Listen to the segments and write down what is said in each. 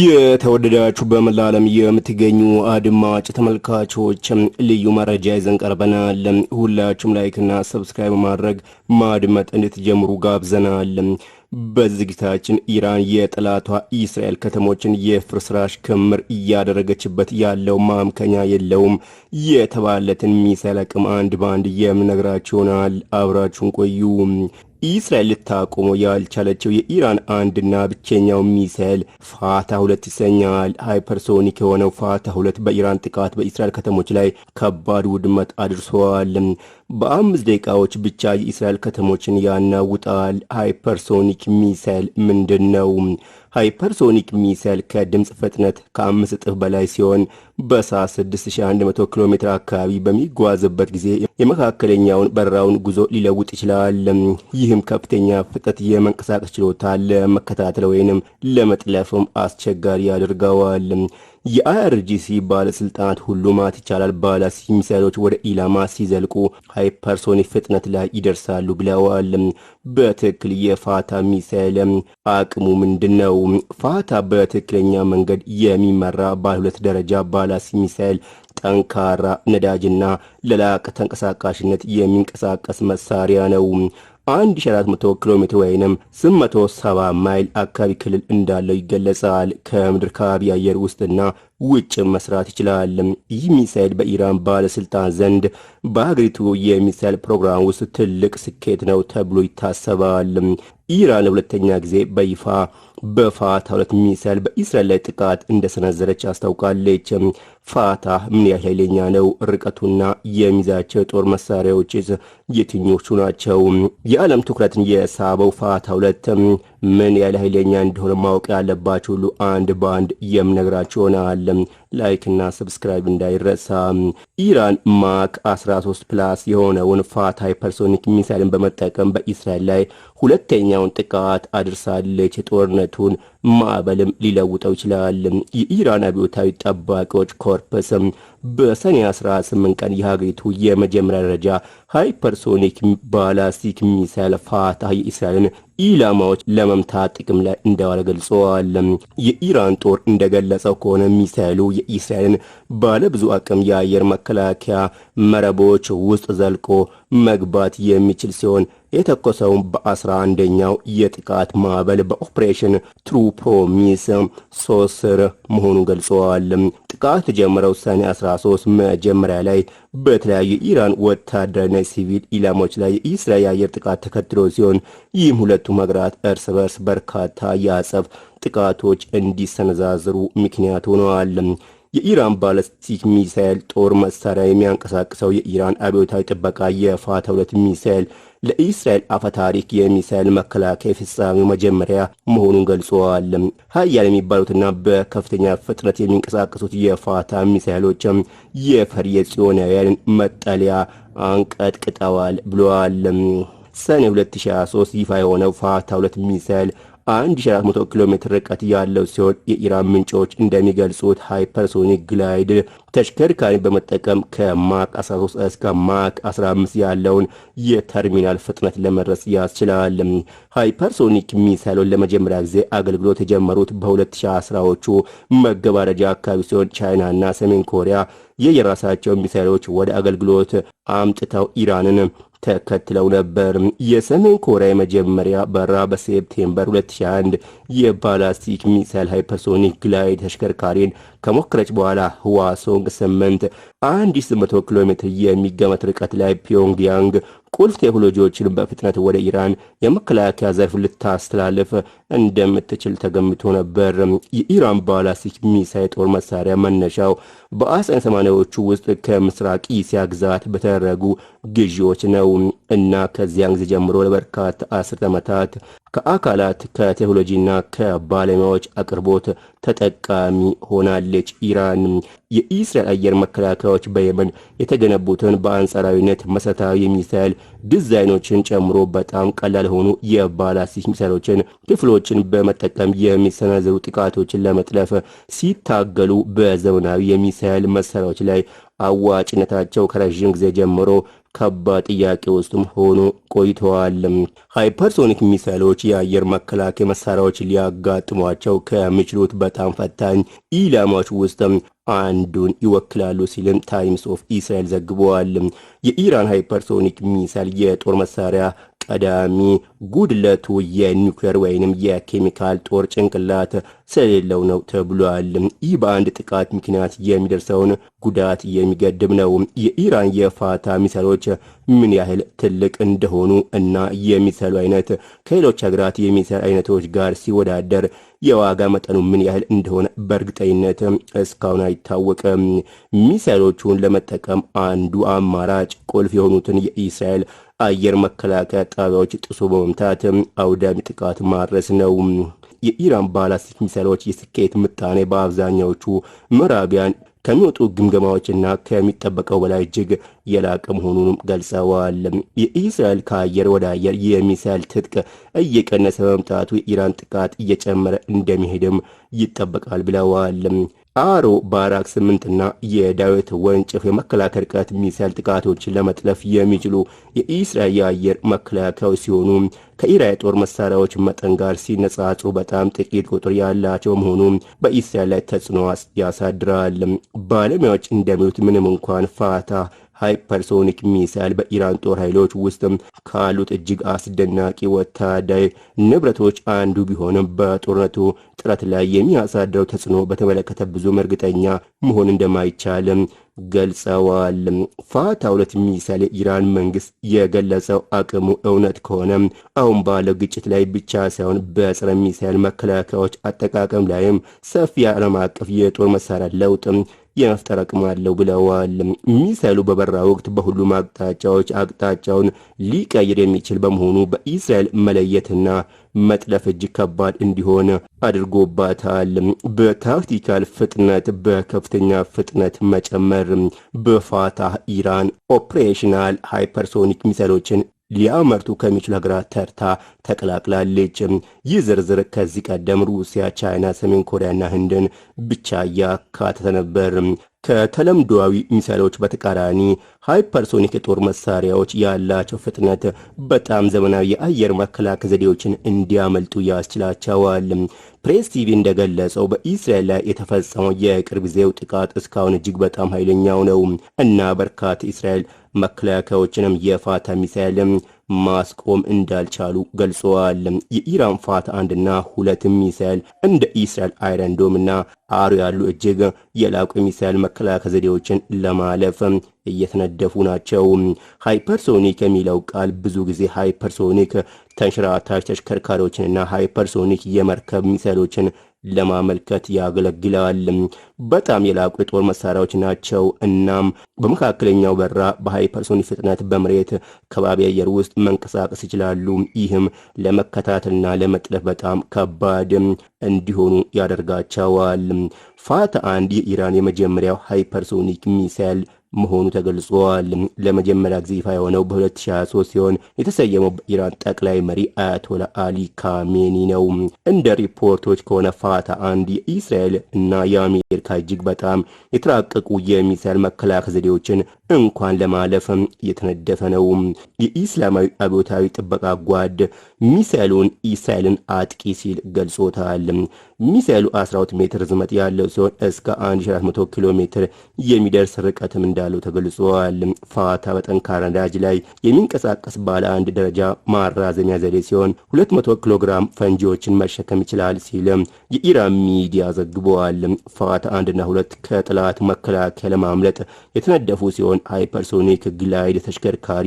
የተወደዳችሁ በመላ ዓለም የምትገኙ አድማጭ ተመልካቾች ልዩ መረጃ ይዘን ቀርበናል። ሁላችሁም ላይክና ሰብስክራይብ ማድረግ ማድመጥ እንድትጀምሩ ጋብዘናል። በዝግታችን ኢራን የጠላቷ እስራኤል ከተሞችን የፍርስራሽ ክምር እያደረገችበት ያለው ማምከኛ የለውም የተባለትን ሚሳይል አቅም አንድ በአንድ የምነግራችሁ ይሆናል። አብራችሁን ቆዩ። ኢስራኤል ልታቆመው ያልቻለችው የኢራን አንድና ብቸኛው ሚሳኤል ፋታ ሁለት ይሰኛል። ሃይፐርሶኒክ የሆነው ፋታ ሁለት በኢራን ጥቃት በኢስራኤል ከተሞች ላይ ከባድ ውድመት አድርሷል። በአምስት ደቂቃዎች ብቻ የኢስራኤል ከተሞችን ያናውጣል። ሃይፐርሶኒክ ሚሳኤል ምንድን ነው? ሃይፐርሶኒክ ሚሳይል ከድምፅ ፍጥነት ከአምስት እጥፍ በላይ ሲሆን በሳ 6100 ኪሎ ሜትር አካባቢ በሚጓዝበት ጊዜ የመካከለኛውን በረራውን ጉዞ ሊለውጥ ይችላል። ይህም ከፍተኛ ፍጥነት የመንቀሳቀስ ችሎታ ለመከታተል ወይንም ለመጥለፍም አስቸጋሪ ያደርገዋል። የአይአርጂሲ ባለስልጣናት ሁሉ ማለት ይቻላል ባላስ ሚሳይሎች ወደ ኢላማ ሲዘልቁ ሃይፐርሶኒክ ፍጥነት ላይ ይደርሳሉ ብለዋል። በትክክል የፋታ ሚሳይል አቅሙ ምንድን ነው? ፋታ በትክክለኛ መንገድ የሚመራ ባለ ደረጃ ባላስ ሚሳይል ጠንካራ ነዳጅና ለላቅ ተንቀሳቃሽነት የሚንቀሳቀስ መሳሪያ ነው። 1400 ኪሎ ሜትር ወይንም 870 ማይል አካባቢ ክልል እንዳለው ይገለጻል። ከምድር ከባቢ አየር ውስጥና ውጭ መስራት ይችላል። ይህ ሚሳኤል በኢራን ባለስልጣን ዘንድ በሀገሪቱ የሚሳኤል ፕሮግራም ውስጥ ትልቅ ስኬት ነው ተብሎ ይታሰባል። ኢራን ለሁለተኛ ጊዜ በይፋ በፋታ ሁለት ሚሳይል በእስራኤል ላይ ጥቃት እንደሰነዘረች አስታውቃለች። ፋታ ምን ያህል ኃይለኛ ነው? ርቀቱና የሚዛቸው ጦር መሳሪያዎች የትኞቹ ናቸው? የዓለም ትኩረትን የሳበው ፋታ ሁለት ምን ያህል ኃይለኛ እንደሆነ ማወቅ ያለባችሁ ሁሉ አንድ በአንድ የምነግራቸው ሆናል። ላይክና ሰብስክራይብ እንዳይረሳ። ኢራን ማክ 13 ፕላስ የሆነውን ፋት ሃይፐርሶኒክ ሚሳይልን በመጠቀም በእስራኤል ላይ ሁለተኛውን ጥቃት አድርሳለች። ጦርነቱን ማዕበልም ሊለውጠው ይችላል። የኢራን አብዮታዊ ጠባቂዎች ኮርፕስ በሰኔ 18 ቀን የሀገሪቱ የመጀመሪያ ደረጃ ሃይፐርሶኒክ ባላስቲክ ሚሳይል ፋታ የእስራኤልን ኢላማዎች ለመምታት ጥቅም ላይ እንደዋለ ገልጸዋል። የኢራን ጦር እንደገለጸው ከሆነ ሚሳይሉ የእስራኤልን ባለብዙ አቅም የአየር መከላከያ መረቦች ውስጥ ዘልቆ መግባት የሚችል ሲሆን የተኮሰው በአስራ አንደኛው የጥቃት ማዕበል በኦፕሬሽን ትሩ ፕሮሚስ ሶስት ስር መሆኑ ገልጸዋል። ጥቃት ጀምረው ሰኔ 13 መጀመሪያ ላይ በተለያዩ ኢራን ወታደራዊና ሲቪል ኢላሞች ላይ የእስራኤል አየር ጥቃት ተከትሎ ሲሆን ይህም ሁለቱም ሀገራት እርስ በርስ በርካታ የአጸፍ ጥቃቶች እንዲሰነዛዝሩ ምክንያት ሆነዋል። የኢራን ባለስቲክ ሚሳኤል ጦር መሳሪያ የሚያንቀሳቅሰው የኢራን አብዮታዊ ጥበቃ የፋታ ሁለት ሚሳኤል ለእስራኤል ታሪክ የሚሳይል መከላከያ ፍጻሜው መጀመሪያ መሆኑን ገልጸዋል። ሀያል የሚባሉትና በከፍተኛ ፍጥነት የሚንቀሳቀሱት የፋታ ሚሳኤሎች የፈር የጽዮናውያንን መጠለያ አንቀጥቅጠዋል ብለዋል። ሰኔ 2023 ይፋ የሆነው ፋታ ሁለት ሚሳኤል 1400 ኪሎ ሜትር ርቀት ያለው ሲሆን የኢራን ምንጮች እንደሚገልጹት ሃይፐርሶኒክ ግላይድ ተሽከርካሪ በመጠቀም ከማክ 13 እስከ ማክ 15 ያለውን የተርሚናል ፍጥነት ለመድረስ ያስችላል። ሃይፐርሶኒክ ሚሳይሎች ለመጀመሪያ ጊዜ አገልግሎት የጀመሩት በ2010ዎቹ መገባደጃ አካባቢ ሲሆን ቻይናና ሰሜን ኮሪያ የየራሳቸው ሚሳይሎች ወደ አገልግሎት አምጥተው ኢራንን ተከትለው ነበር። የሰሜን ኮሪያ የመጀመሪያ በራ በሴፕቴምበር 2021 የባላስቲክ ሚሳይል ሃይፐርሶኒክ ግላይድ ተሽከርካሪን ከሞከረች በኋላ ህዋ ሶንግ 8 1100 ኪሎ ሜትር የሚገመት ርቀት ላይ ፒዮንግያንግ ቁልፍ ቴክኖሎጂዎችን በፍጥነት ወደ ኢራን የመከላከያ ዘርፍ ልታስተላልፍ እንደምትችል ተገምቶ ነበር። የኢራን ባላስቲክ ሚሳይ ጦር መሳሪያ መነሻው በአስራ ሰማንያዎቹ ውስጥ ከምስራቅ እስያ ግዛት በተደረጉ ግዢዎች ነው እና ከዚያን ጊዜ ጀምሮ ለበርካታ አስርት ዓመታት ከአካላት ከቴክኖሎጂና ከባለሙያዎች አቅርቦት ተጠቃሚ ሆናለች። ኢራን የኢስራኤል አየር መከላከያዎች በየመን የተገነቡትን በአንጻራዊነት መሰረታዊ ሚሳይል ዲዛይኖችን ጨምሮ በጣም ቀላል የሆኑ የባላስቲክ ሚሳይሎችን ክፍሎችን በመጠቀም የሚሰነዘሩ ጥቃቶችን ለመጥለፍ ሲታገሉ በዘመናዊ የሚሳይል መሳሪያዎች ላይ አዋጭነታቸው ከረዥም ጊዜ ጀምሮ ከባድ ጥያቄ ውስጥም ሆኖ ቆይተዋል። ሃይፐርሶኒክ ሚሳይሎች የአየር መከላከያ መሳሪያዎች ሊያጋጥሟቸው ከሚችሉት በጣም ፈታኝ ኢላማዎች ውስጥም አንዱን ይወክላሉ ሲልም ታይምስ ኦፍ ኢስራኤል ዘግበዋል። የኢራን ሃይፐርሶኒክ ሚሳይል የጦር መሳሪያ ቀዳሚ ጉድለቱ የኒውክሌር ወይንም የኬሚካል ጦር ጭንቅላት ስለሌለው ነው ተብሏል። ይህ በአንድ ጥቃት ምክንያት የሚደርሰውን ጉዳት የሚገድብ ነው። የኢራን የፋታ ሚሳይሎች ምን ያህል ትልቅ እንደሆኑ እና የሚሳይሉ አይነት ከሌሎች ሀገራት የሚሳይል አይነቶች ጋር ሲወዳደር የዋጋ መጠኑ ምን ያህል እንደሆነ በእርግጠኝነት እስካሁን አይታወቅም። ሚሳይሎቹን ለመጠቀም አንዱ አማራጭ ቁልፍ የሆኑትን የእስራኤል አየር መከላከያ ጣቢያዎች ጥሶ በመምታት አውዳሚ ጥቃት ማድረስ ነው። የኢራን ባላስቲክ ሚሳይሎች የስኬት ምጣኔ በአብዛኛዎቹ ምዕራቢያን ከሚወጡ ግምገማዎችና ከሚጠበቀው በላይ እጅግ የላቀ መሆኑንም ገልጸዋል። የእስራኤል ከአየር ወደ አየር የሚሳይል ትጥቅ እየቀነሰ መምጣቱ የኢራን ጥቃት እየጨመረ እንደሚሄድም ይጠበቃል ብለዋል። አሮ ባራክ ስምንትና የዳዊት ወንጭፍ የመከላከል ርቀት ሚሳይል ጥቃቶችን ለመጥለፍ የሚችሉ የኢስራኤል የአየር መከላከያዎች ሲሆኑ ከኢራን የጦር መሳሪያዎች መጠን ጋር ሲነጻጹ በጣም ጥቂት ቁጥር ያላቸው መሆኑ በኢስራኤል ላይ ተጽዕኖ ያሳድራል። ባለሙያዎች እንደሚሉት ምንም እንኳን ፋታ ሃይፐርሶኒክ ሚሳይል በኢራን ጦር ኃይሎች ውስጥም ካሉት እጅግ አስደናቂ ወታደራዊ ንብረቶች አንዱ ቢሆንም በጦርነቱ ጥረት ላይ የሚያሳድረው ተጽዕኖ በተመለከተ ብዙም እርግጠኛ መሆን እንደማይቻልም ገልጸዋል። ፋታ ሁለት ሚሳይል የኢራን መንግስት የገለጸው አቅሙ እውነት ከሆነ አሁን ባለው ግጭት ላይ ብቻ ሳይሆን በጸረ ሚሳይል መከላከያዎች አጠቃቀም ላይም ሰፊ ዓለም አቀፍ የጦር መሳሪያ ለውጥ የመፍጠር አቅም አለው ብለዋል። ሚሳይሉ በበራ ወቅት በሁሉም አቅጣጫዎች አቅጣጫውን ሊቀይር የሚችል በመሆኑ በእስራኤል መለየትና መጥለፍ እጅ ከባድ እንዲሆን አድርጎባታል። በታክቲካል ፍጥነት በከፍተኛ ፍጥነት መጨመር በፋታህ ኢራን ኦፕሬሽናል ሃይፐርሶኒክ ሚሳይሎችን ሊያመርቱ ከሚችሉ ሀገራት ተርታ ተቀላቅላለች። ይህ ዝርዝር ከዚህ ቀደም ሩሲያ፣ ቻይና፣ ሰሜን ኮሪያና ህንድን ብቻ እያካተተ ነበር። ከተለምዶዊ ሚሳይሎች በተቃራኒ ሃይፐርሶኒክ የጦር መሳሪያዎች ያላቸው ፍጥነት በጣም ዘመናዊ የአየር መከላከል ዘዴዎችን እንዲያመልጡ ያስችላቸዋል። ፕሬስ ቲቪ እንደገለጸው በኢስራኤል ላይ የተፈጸመው የቅርብ ጊዜው ጥቃት እስካሁን እጅግ በጣም ኃይለኛው ነው እና በርካታ እስራኤል መከላከያዎችንም የፋታ ሚሳኤልም ማስቆም እንዳልቻሉ ገልጸዋል። የኢራን ፋታ አንድና ሁለት ሚሳኤል እንደ ኢስራኤል አይረንዶም እና አሩ ያሉ እጅግ የላቁ ሚሳኤል መከላከያ ዘዴዎችን ለማለፍ እየተነደፉ ናቸው። ሃይፐርሶኒክ የሚለው ቃል ብዙ ጊዜ ሃይፐርሶኒክ ተንሸራታች ተሽከርካሪዎችንና ሃይፐርሶኒክ የመርከብ ሚሳኤሎችን ለማመልከት ያገለግላል። በጣም የላቁ የጦር መሳሪያዎች ናቸው። እናም በመካከለኛው በራ በሃይፐርሶኒክ ፍጥነት በመሬት ከባቢ አየር ውስጥ መንቀሳቀስ ይችላሉ። ይህም ለመከታተልና ለመጥለፍ በጣም ከባድ እንዲሆኑ ያደርጋቸዋል። ፋታ አንድ የኢራን የመጀመሪያው ሃይፐርሶኒክ ሚሳይል መሆኑ ተገልጿል። ለመጀመሪያ ጊዜ ይፋ የሆነው በ2023 ሲሆን የተሰየመው በኢራን ጠቅላይ መሪ አያቶላ አሊ ካሜኒ ነው። እንደ ሪፖርቶች ከሆነ ፋታ አንድ የእስራኤል እና የአሜሪካ እጅግ በጣም የተራቀቁ የሚሳይል መከላከያ ዘዴዎችን እንኳን ለማለፍ እየተነደፈ ነው። የኢስላማዊ አብዮታዊ ጥበቃ ጓድ ሚሳይሉን ኢስራኤልን አጥቂ ሲል ገልጾታል። ሚሳይሉ 12 ሜትር ዝመት ያለው ሲሆን እስከ 1400 ኪሎ ሜትር የሚደርስ ርቀትም እንዳ እንዳሉ ተገልጿል። ፋታ በጠንካራ ነዳጅ ላይ የሚንቀሳቀስ ባለ አንድ ደረጃ ማራዘሚያ ዘዴ ሲሆን 200 ኪሎ ግራም ፈንጂዎችን መሸከም ይችላል ሲል የኢራን ሚዲያ ዘግቧል። ፋታ አንድና ሁለት ከጥላት መከላከያ ለማምለጥ የተነደፉ ሲሆን ሃይፐርሶኒክ ግላይድ ተሽከርካሪ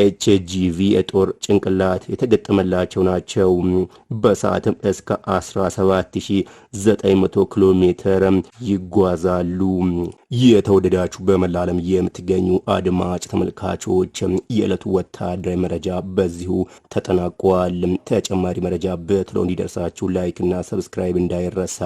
ኤችጂቪ የጦር ጭንቅላት የተገጠመላቸው ናቸው። በሰዓትም እስከ 17900 ኪሎ ሜትር ይጓዛሉ። የተወደዳችሁ በመላ ዓለም የምትገኙ አድማጭ ተመልካቾች የዕለቱ ወታደራዊ መረጃ በዚሁ ተጠናቋል። ተጨማሪ መረጃ በትሎ እንዲደርሳችሁ ላይክ እና ሰብስክራይብ እንዳይረሳ።